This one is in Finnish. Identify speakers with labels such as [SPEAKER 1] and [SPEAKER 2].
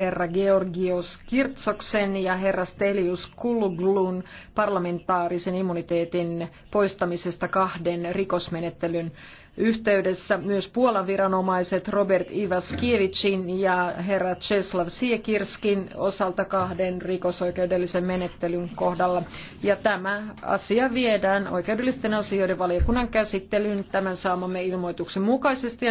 [SPEAKER 1] herra Georgios Kirtsoksen ja herra Stelius Kuluglun parlamentaarisen immuniteetin poistamisesta kahden rikosmenettelyn yhteydessä. Myös Puolan viranomaiset Robert Ivaskievicin ja herra Czeslaw Siekirskin osalta kahden rikosoikeudellisen menettelyn kohdalla. Ja tämä asia viedään oikeudellisten asioiden valiokunnan käsittelyyn tämän saamamme ilmoituksen
[SPEAKER 2] mukaisesti.